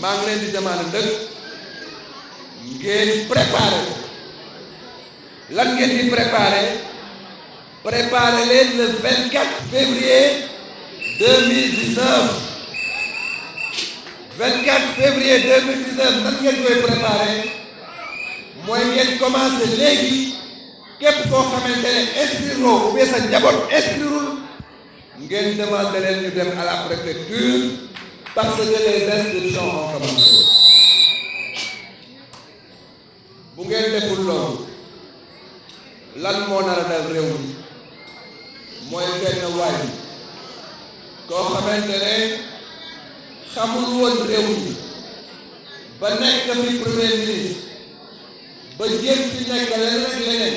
maa zaman itu, di prepare. nag di prepare, prepare leen le 24 Februari 2019 24 Februari 2019 lan ngeen koy préparé mooy ngeen commencé léegi. képp koo xamante ne njaboot inscrireul ngeen demande leen ñu dem à la préfecture parce que les inscriptions ont commencé bu ngeen deful loolu lan moo nar a dal réew mi mooy benn waay koo xamante ne xamul woon réew mi ba nekk fi premier ministre ba jéem fi nekk leneen ak leneen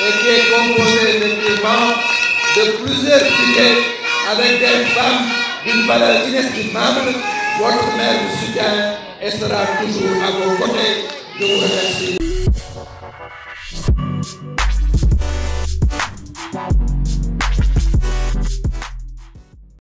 et qui est composé effectivement de plusieurs sujets avec des femmes d'une valeur inestimable. Votre mère vous soutient et sera toujours à vos côtés. Je vous remercie.